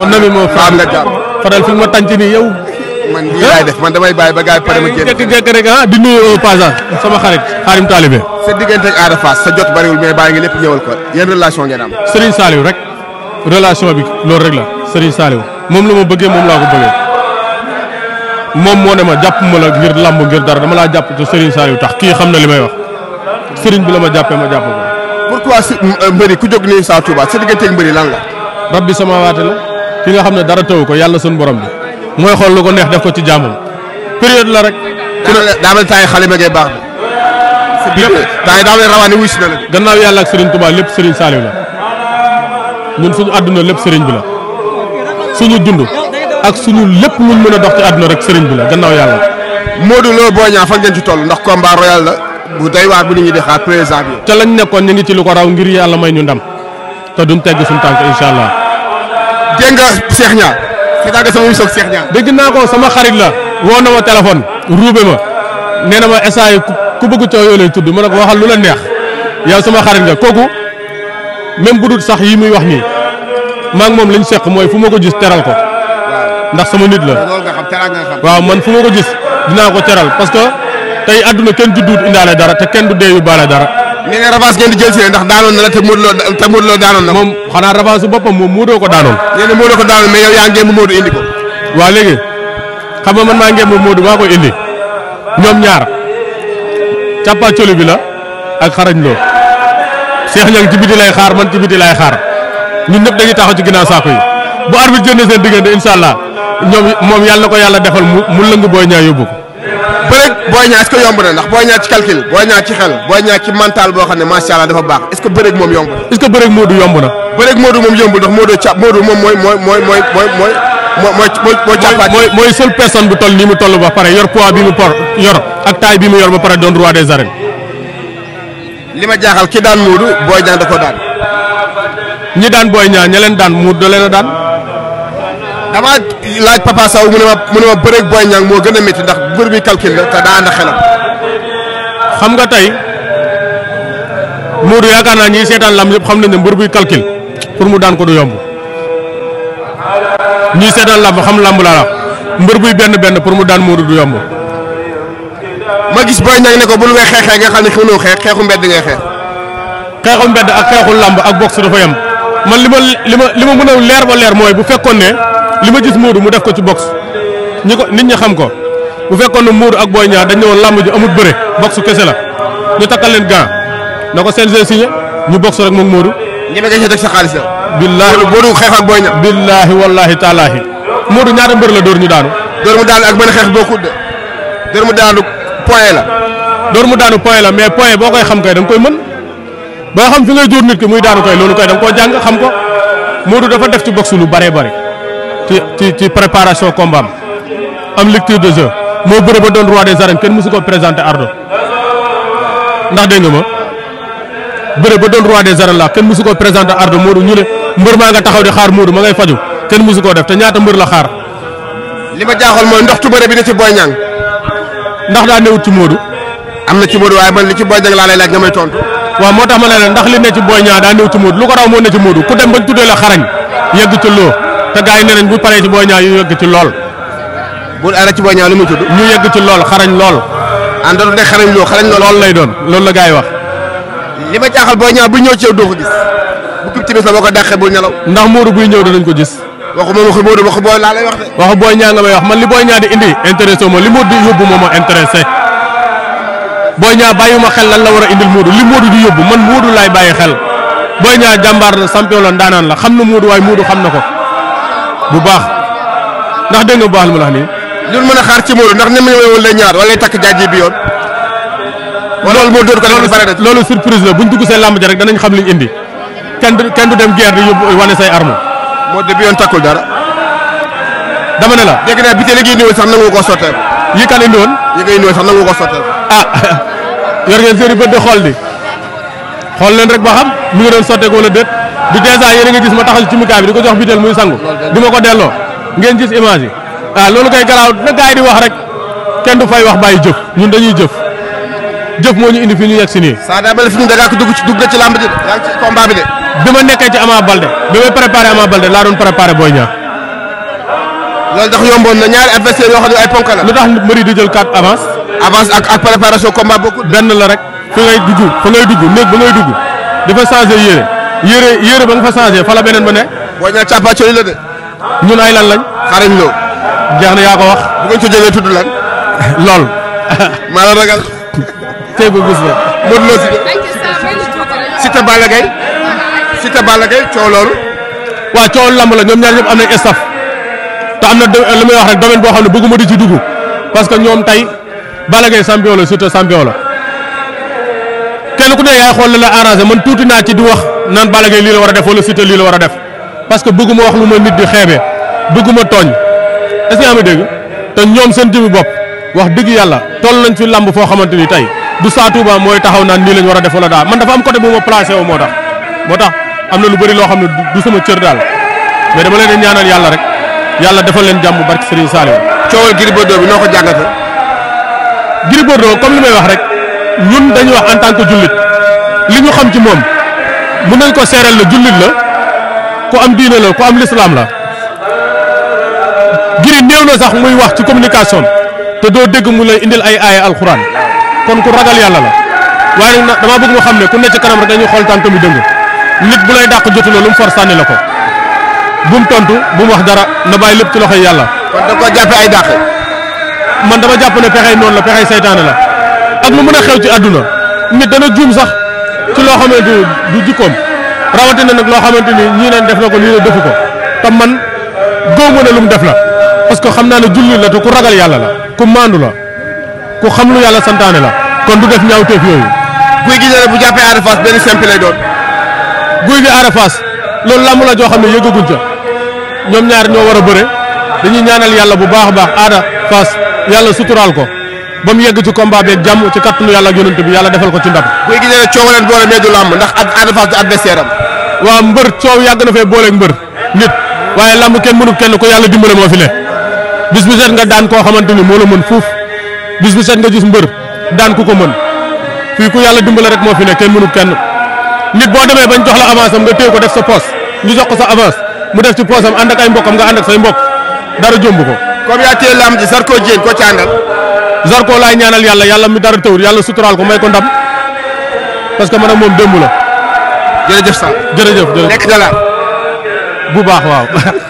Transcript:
man nami moo faam nga jaar faral fi ma tànc nii yow. man lii laay def damay bàyyi ba gars yi pare ma génn. jékki-jékki rek ah di nuyu euh, sama xarit xaarim taalibe. sa diggante ak Ada sa jot bariwul mais bàyyi ngi lépp ñëwal ko yan relation ngeen am. rek relation bi loolu rek la Serigne Saliou moom la ma bëggee moom laa ko bëggee moom moo ne ma jàpp ma la ngir làmb ngir dara dama laa jàpp te Serigne Saliou tax kii xam na li may wax Serigne bi la ma jàppee ma jàpp ko. pourquoi si euh, mbëri ku jóg nii saa Touba sa diggante la. rab bi sama waate la. ki nga xam ne dara taw ko yàlla suñu borom bi mooy xool lu ko neex def ko ci jàmmam période la rek. daa mel taay xalima ngay baax bi. taay daa mel rawaani wuy si na la. yàlla ak Serigne Touba lépp Serigne Saliou la suñu àdduna lépp Serigne bi la suñu dund ak suñu lépp lu mën a dox ci àdduna rek sëriñ bi la gannaaw yàlla. Modou Lo Boy Niang fan ngeen ci toll ndax combat royal la bu doy waar bu nit ñi di xaar président bi. lañ nekkoon ñu ngi ci lu ko raw ngir yàlla may ñu ndam te duñ tegg suñu tànk incha allah. dégg nga Cheikh Niang. seetaan nga sama dégg naa ko sama xarit la woo na ma téléphone ruube ma nee na ma instant ku bëgg coow yoo lay tudd man a ko waxal lu la neex yow sama xarit nga kooku même bu dul sax yi muy wax nii maa ngi moom lañ seq mooy fu ma ko gis teral ko. ndax sama nit la waaw man fu ma ko gis dinaa ko teral parce que tey àdduna kenn judduut indaale dara te kenn du dee yu baale dara. nee na revanche ngeen di jël si ndax daanoon na la te Modou Lo te Modou Lo daanoon na. moom xanaa revanche su boppam moom Modou ko daanoon. nee na Modou ko daanoon mais yow indi ko. waaw léegi xam nga man maa ngi Modou maa koy indi ñoom ñaar càppaacoli bi la ak xarañ loo Cheikh Niang ci biti lay xaar man ci biti lay xaar ñun ñëpp dañuy taxaw ci ginnaaw saako yi bu arbitre jëndee seen diggante incha allah ñoom moom yàlla na ko yàlla defal mu mu lëng booy ñaa yóbbu ko booy ñaa est-ce que yomb na ndax booy ñaa ci calcul booy ñaa ci xel booy ñaa ci mental boo xam ne macha allah dafa baax est-ce que bëreeg moom yomb na. est-ce que bëreeg Modou yomb na. bëreeg Modou moom yombul ndax Modou ca Modou moom mooy mooy mooy mooy mooy mooy mooy mooy jàppaat. mooy mooy seule personne bu toll nii mu toll ba pare yor poids bi mu por yor ak taille bi mu yor ba pare doon roi des arènes. li ma jaaxal ki daan Modou booy ñaa da ko daan. ñi daan booy ñaa ña leen daan Modou da leen a daan. damaa laaj Papa Sow mu ne ma mu ne ma moo gën a métti ndax mbër bi calcul la te daa ànd xelam. xam nga tey Modou yaakaar naa ñiy seetaan lam yëpp xam nañ ne mbër buy calcul pour mu daan ko du yomb ñiy seetaan lamb xam lamb laa la mbër buy benn benn pour mu daan Modou bu yomb. ma gis Boy Niang ne ko bu bul ngay xeexee nga xam ne xëy na xeex xeexu mbedd ngay xeex. xeexu mbedd ak xeexu làmb ak boxe dafa yam man li ma li ma li ma mën a leer ba leer mooy bu fekkoon ne li ma gis Modou mu def ko ci box ñi ko nit ñi xam ko bu fekkoon ne Modou ak Boy Niang dañ ne woon làmb ji amul bëre box kese la ñu takkal leen gant na ko CNG signé ñu box rek moom Modou. ñeme nga ci teg sa xaalis yow. billaahi Modou xeex ak Boy Niang. billaahi wallaahi taalaahi. Modou ñaata mbër la dóor ñu daanu. dóor mu daanu ak benn xeex bokkul de. dóor mu daanu point la. dóor mu daanu point la mais boo koy xam kay da koy mën. ba xam fi ngay dóor nit ki muy daanu koy loolu koy da xam ko Modou dafa def ci boxe lu bëree bëri ci ci ci préparation combam am lecture de jeu moo bëre ba doon roi des arènes kenn mësu ko présenté Ardo ndax dégg nga ma bëre ba doon roi des arènes la kenn mësu ko présenté Ardo Modou ñu ne mbër maa nga taxaw di xaar Modou ma ngay faju kenn mësu koo def te ñaata mbër la xaar. li ma jaaxal mooy ndox tu bëre bi ne ci Boy Niang. ndax daan newut ci Modou. am na ci Modou waaye man li ci Boy Niang laa lay laaj nga may tontu. waaw moo tax ma na la ndax li ne ci Boy Niang daa néew ci Modou lu ko raw moo ne ci ku dem bañ tuddee xarañ yegg ci loo te gars yi bu paree ci Boy Niang yu yegg ci lool. bu ara ci Boy Niang mu tudd. ñu yegg ci lool xarañ lool. ah dootul de xarañ loo xarañ lool. lool lay doon loolu la gars yi wax. li ma jaaxal Boy Niang bu ñëw ci yow doo ko gis bu kib timis boo ko dàqee bul nelaw. ndax Modou buy ñëw danañ ko gis. waxu ma waxu Modou waxu Boy laa lay wax de. waxu Boy nga may wax man li Boy Niang di indi intéressé moo li Modou di yóbbu moom moo intéressé Boy Niang bàyyiwuma xel lan la war a indil Modou li Modou di yóbbu man Modou laay bàyyi xel Boy Niang jàmbaar la champion la ndaanaan la xam na Modou waaye Modou xam na ko bu baax ndax dégg nga bu mu wax nii. ñu a ci Modou ndax ni mu woon lay takk jaajëf bi yoon. loolu moo dóor ko loolu loolu surprise la bu ñu dugg seen làmb ja rek xam li ñu indi kenn du kenn du dem guerre di yóbbu wane say armes. Modou bi yoon takkul dara. dama ne la. dégg naa bi tey léegi indiwoon sax nangu ko sotteeku. yi kan indiwoon. yi nga indiwoon sax nangu ko sotteeku. ah yor ngeen seen i bët de xool di xool leen rek ba xam mu ngi doon sotteeku wala déet du dèjà yéen a ngi gis ma taxal ci mu mukaay bi di ko jox bitel muy sangu di ma ko delloo ngeen gis image yi ah loolu kay garaaw na gars yi di wax rek kenn du fay wax bàyyi jëf ñun dañuy jëf jëf moo ñu indi fi ñu yegg si nii. saa daa mel fi ñu da ngaa ko dugg ci dugg ci làmb ji yaa ngi ci combat bi de. bi ma nekkee ci Ama Baldé bi may préparé Ama Baldé laa doon préparé Boy Niang. loolu tax yomboon na ñaari yoo xam ne ay ponk la. lu jël carte avance. avance ak ak préparation combat bokkul. benn la rek fa ngay dugg fa ngay dugg néeg ba ngay dugg dafa changé yére yére yére ba nga fa changé fa la beneen ba ne. boo ñëwee cappaaccio yi la de. ñun ay lan lañ. xarañ loo. jeex na yaa ko wax. bu ngeen ko jëlee tudd lan. lool. maa la ragal. tey bu la. Modou si. Siteu Balla Gaye. Siteu Balla Gaye coow loolu. waaw coow lamb la ñoom ñaar ñëpp am nañ staff. te am na la may wax rek domaine boo xam ne bëgguma di ci dugg parce que ñoom tey. Balla Gaye champion la Siteu champion la kenn ku ne yaay xool la la arrangé man tuuti naa ci di wax naan Balla Gaye lii la war a def wala Siteu lii la war a def parce que bëgguma wax lu ma nit di xeebee bëgguma tooñ est-ce que yaa ma dégg te ñoom seen jëmmi bopp wax dëgg yàlla toll nañ fi làmb foo xamante ni tey du Sa Touba mooy taxaw naan nii lañ war a def wala daal man dafa am côté bu ma placé wu moo tax moo tax am na lu bëri loo xam ne du sama cër daal mais dama leen ñaanal yàlla rek yàlla defal leen jàmm barki Serigne Saliou coowal Gris Bordeaux bi ko jàngate Gris Bordeaux comme li may wax rek ñun dañuy wax en tant que jullit li ñu xam ci moom mun nañ ko seereel la jullit la ku am diine la ku am lislaam la Gris néew na sax muy wax ci communication te doo dégg mu lay indil ay aaya alxuraan kon ku ragal yàlla la waaye nag damaa bëgg nga xam ne ku ne ci kanam rek dañuy xool tànk mi dëng nit bu lay dàq jotuloo lu mu for sànni la ko bu mu tontu bu mu wax dara na bàyyi lépp ci loxoy yàlla. kon da ko jàppe ay dàq. man dama jàpp ne pexey noonu la pexey saytaane la ak lu mën a xew ci àdduna nit dana juum sax ci loo xamante du jikkoom rawatina nag loo xamante ni ñii neen def na ko ñii ne defu ko te man góob ma ne lu mu def la parce que xam naa ne jullit la te ku ragal yàlla la ku maandu la ku xam lu yàlla santaane la kon du def ñaawteef yooyu. guy gi ne bu jàppee Ada Fass benn simple lay doon. guy gi Ada Fass loolu làmb la joo xam ne yëgaguñ ca ñoom ñaar ñoo war a bëre dañuy ñaanal yàlla bu baax a baax aada. paas yàlla suturaal ko ba mu yegg ci combat beeg jàmm ci kattanu yàlla ak bi yàlla defal ko ci ndam. bu ñu gisee coow leen boole mais du làmb ndax Ada Fass du adversaire am. waaw mbër coow yàgg na fee booleeg mbër nit waaye làmb kenn mënut kenn ko yàlla dimbale moo fi ne bis nga daan koo xamante moo la mën fuuf bis bu set nga gis mbër daan ku ko mën fii ku yàlla dimbale rek moo fi ne kenn mënut kenn nit boo demee bañ jox la avance am nga téye dara jomb ko. comme yaa téye lamb ji Zarko Dieng ko ci àndal. Zarko laa ñaanal yàlla yàlla mu dara tawul yàlla suturaal ko may ko ndam parce que man ak moom démb la. jërëjëf Sall jërëjëf jërëjëf nekk bu baax waaw.